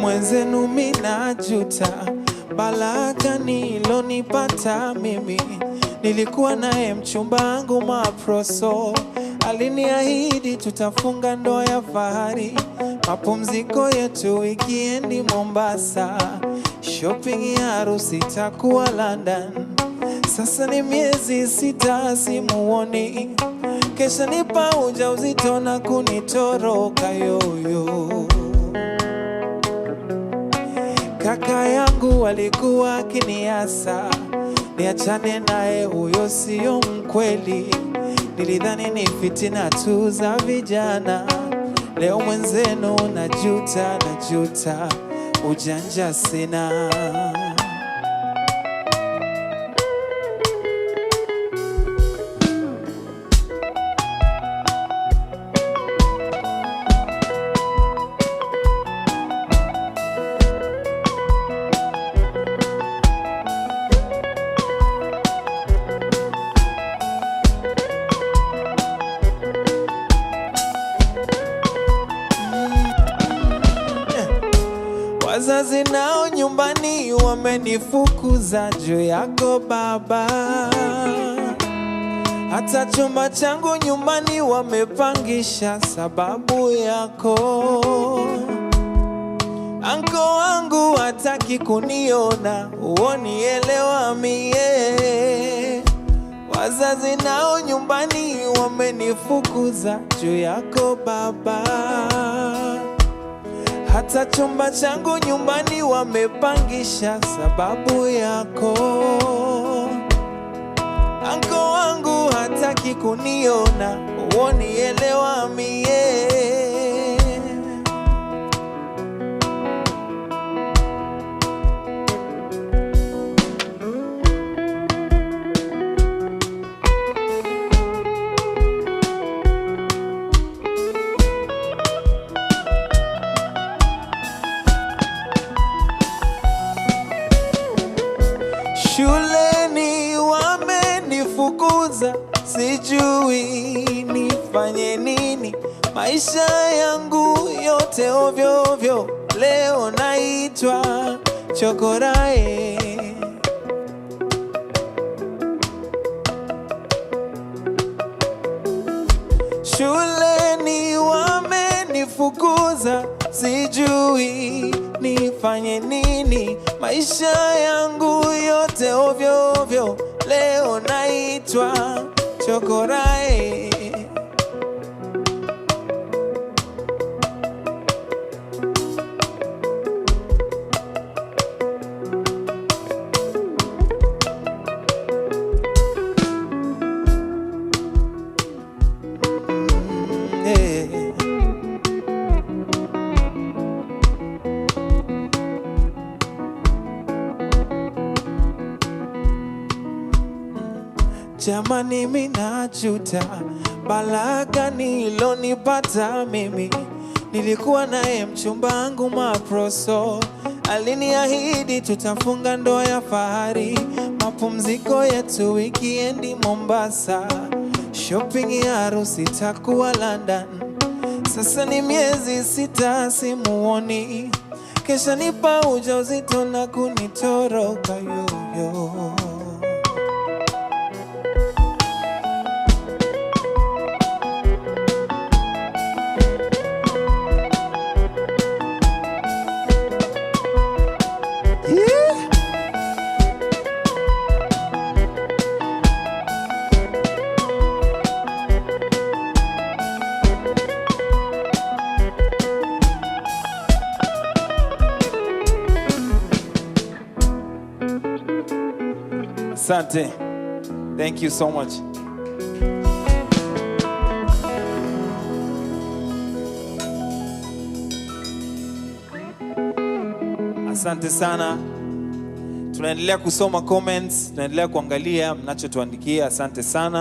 mwenzenu minajuta, balaka nilonipata mimi. Nilikuwa naye angu Maproso, aliniahidi tutafunga ndoa ya fahari, mapumziko yetu ikiendi Mombasa, shopping ya harusi takuwa London. Sasa ni miezi sita simuoni, kesha nipa uzito na kunitoroka yoyo Kaka yangu walikuwa kiniasa niachane naye, huyo siyo mkweli. Nilidhani ni fitina tu za vijana, leo mwenzenu najuta, najuta ujanja sina Wazazi nao nyumbani wamenifukuza juu yako baba, hata chumba changu nyumbani wamepangisha sababu yako. Anko wangu hataki kuniona, uonielewa mie. Wazazi nao nyumbani wamenifukuza juu yako baba hata chumba changu nyumbani wamepangisha sababu yako. Anko wangu hataki kuniona, uonielewa mie Shuleni wamenifukuza, sijui nifanye nini. Maisha yangu yote ovyo ovyo, leo naitwa chokorae. Shuleni wamenifukuza, sijui nifanye nini? Maisha yangu yote ovyo ovyo, leo naitwa chokorai Jamani, minajuta balaa nilonipata mimi. Nilikuwa naye mchumbangu Maproso, aliniahidi tutafunga ndoa ya fahari, mapumziko yetu wikiendi Mombasa, shopping ya harusi takuwa London. Sasa ni miezi sita simuoni, kesha nipa uzito na kunitoroka yoyo Asante. Thank you so much. Asante sana. Tunaendelea kusoma comments, tunaendelea kuangalia mnachotuandikia. Asante sana.